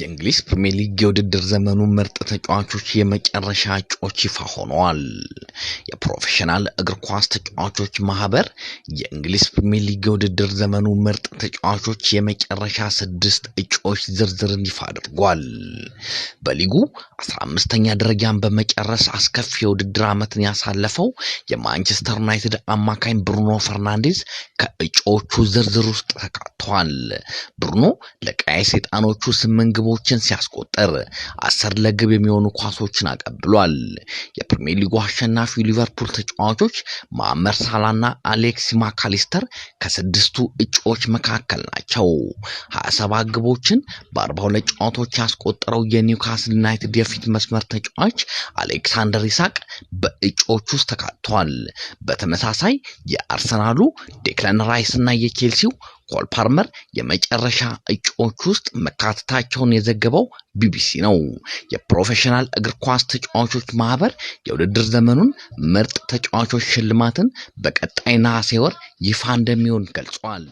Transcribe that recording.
የእንግሊዝ ፕሪሚየር ሊግ የውድድር ዘመኑ ምርጥ ተጫዋቾች የመጨረሻ እጩዎች ይፋ ሆነዋል። የፕሮፌሽናል እግር ኳስ ተጫዋቾች ማህበር የእንግሊዝ ፕሪሚየር ሊግ የውድድር ዘመኑ ምርጥ ተጫዋቾች የመጨረሻ ስድስት እጩዎች ዝርዝርን ይፋ አድርጓል። በሊጉ አስራ አምስተኛ ደረጃን በመጨረስ አስከፊ የውድድር ዓመትን ያሳለፈው የማንቸስተር ዩናይትድ አማካኝ ብሩኖ ፈርናንዴዝ ከእጩዎቹ ዝርዝር ውስጥ ተካቷል። ብሩኖ ለቀይ ሰይጣኖቹ ስምንት ግቦችን ሲያስቆጥር አስር ለግብ የሚሆኑ ኳሶችን አቀብሏል። የፕሪሚየር ሊጉ አሸናፊ ሊቨር የሊቨርፑል ተጫዋቾች ማመር ሳላና አሌክስ ማካሊስተር ከስድስቱ እጩዎች መካከል ናቸው። 27 ግቦችን በ42 ጨዋታዎች ያስቆጠረው የኒውካስል ዩናይትድ የፊት መስመር ተጫዋች አሌክሳንደር ኢሳቅ በእጩዎች ውስጥ ተካቷል። በተመሳሳይ የአርሰናሉ ዴክለን ራይስ እና የቼልሲው ኮል ፓርመር የመጨረሻ እጩዎች ውስጥ መካተታቸውን የዘገበው ቢቢሲ ነው። የፕሮፌሽናል እግር ኳስ ተጫዋቾች ማህበር የውድድር ዘመኑን ምርጥ ተጫዋቾች ሽልማትን በቀጣይ ነሐሴ ወር ይፋ እንደሚሆን ገልጿል።